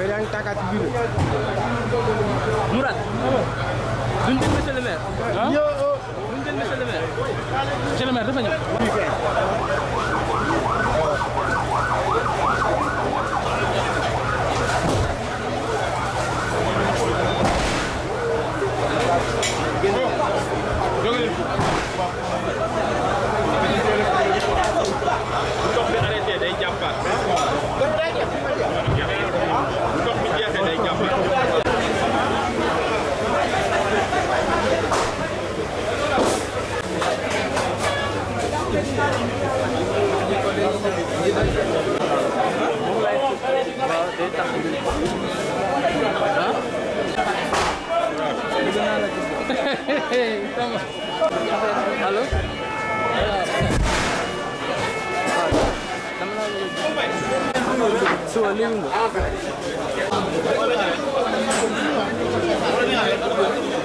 Beriang Taka ci biir. Mourad. duñ jël monsieur le maire. ah duñ jël monsieur le maire. monsieur le allo suba léegi nga.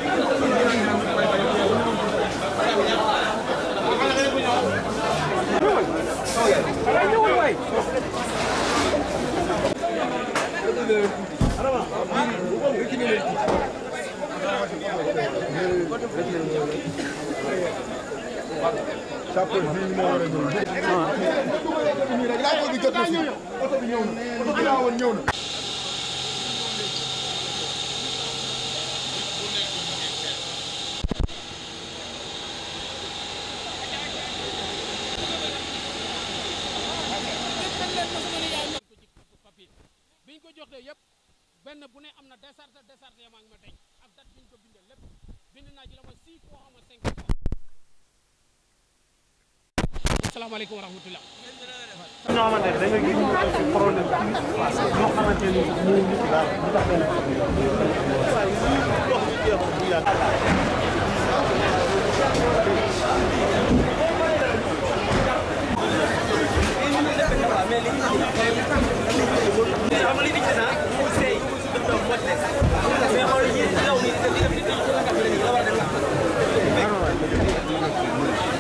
Thank you. biñ ko jox de yëpp benn bu ne am na décharge décharge yaa ma tey ak date biñ ko bindee lépp bind naa ci la ma six fois ama cinq fois asalaamaaleykum wa rahmatullah ñoo xamante ne dañoo gis problème ñoo xamante ne moo nit daal bu tax benn mais li ñu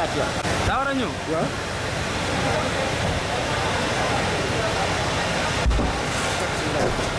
laaj yow. daa war a ñëw waaw. Thank you.